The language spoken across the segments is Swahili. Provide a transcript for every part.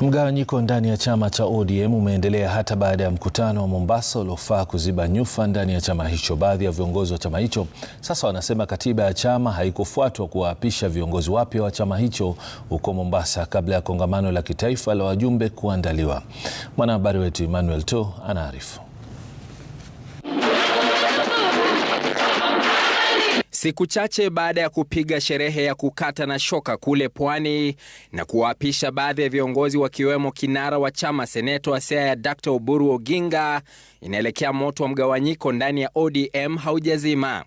Mgawanyiko ndani ya chama cha ODM umeendelea hata baada ya mkutano wa Mombasa uliofaa kuziba nyufa ndani ya chama hicho. Baadhi ya viongozi wa chama hicho sasa wanasema katiba ya chama haikufuatwa kuwaapisha viongozi wapya wa chama hicho huko Mombasa kabla ya kongamano la kitaifa la wajumbe kuandaliwa. Mwanahabari wetu Emmanuel To anaarifu. Siku chache baada ya kupiga sherehe ya kukata na shoka kule Pwani na kuwaapisha baadhi ya viongozi wakiwemo kinara wa chama Seneto Asea ya Dr. Oburu Oginga, inaelekea moto wa mgawanyiko ndani ya ODM haujazima,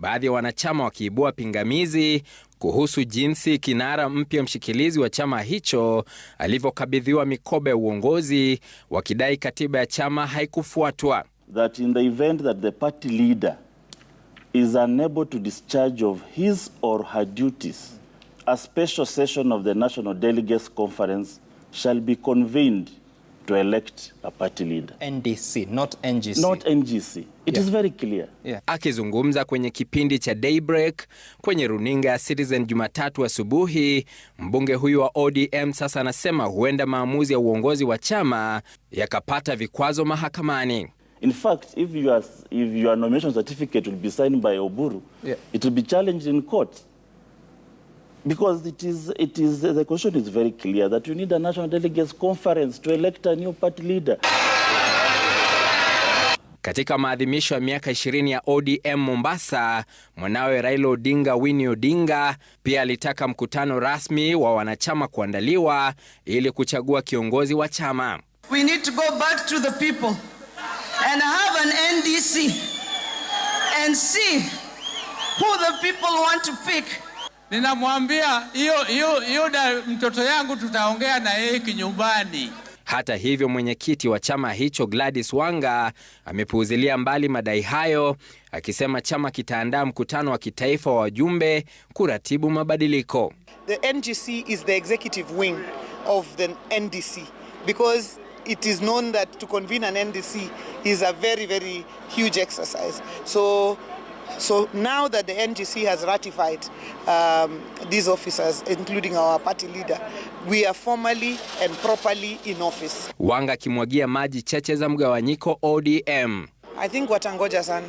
baadhi ya wanachama wakiibua pingamizi kuhusu jinsi kinara mpya mshikilizi wa chama hicho alivyokabidhiwa mikoba ya uongozi, wakidai katiba ya chama haikufuatwa that in the event that the party leader is unable to discharge of his or her duties, a special session of the National Delegates Conference shall be convened to elect a party leader. NDC, not NGC. Not NGC. It yeah. is very clear. Yeah. Akizungumza kwenye kipindi cha Daybreak kwenye runinga ya Citizen Jumatatu asubuhi, mbunge huyu wa ODM sasa anasema huenda maamuzi ya uongozi wa chama yakapata vikwazo mahakamani. In fact, if, you are, if your nomination certificate will be signed by Oburu, yeah. it will be challenged in court. Because it is, it is, the question is very clear that you need a national delegates conference to elect a new party leader. Katika maadhimisho ya miaka 20 ya ODM Mombasa, mwanawe Raila Odinga Winnie Odinga pia alitaka mkutano rasmi wa wanachama kuandaliwa ili kuchagua kiongozi wa chama. We need to go back to the people and have an NDC and see who the people want to pick. Ninamwambia hiyo hiyo hiyo mtoto yangu tutaongea na yeye kinyumbani. Hata hivyo mwenyekiti wa chama hicho Gladys Wanga amepuuzilia mbali madai hayo, akisema chama kitaandaa mkutano wa kitaifa wa wajumbe kuratibu mabadiliko. The NGC is the executive wing of the NDC because it is known that to convene an NDC is a very, very huge exercise. So, so now that the NGC has ratified um, these officers, including our party leader, we are formally and properly in office. Wanga akimwagia maji cheche za mgawanyiko ODM. I think watangoja sana.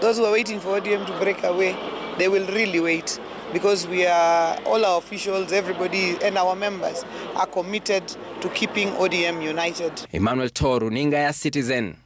Those who are waiting for ODM to break away, they will really wait because we are all our officials everybody and our members are committed to keeping ODM united. Emmanuel Toru, Ninga ya Citizen.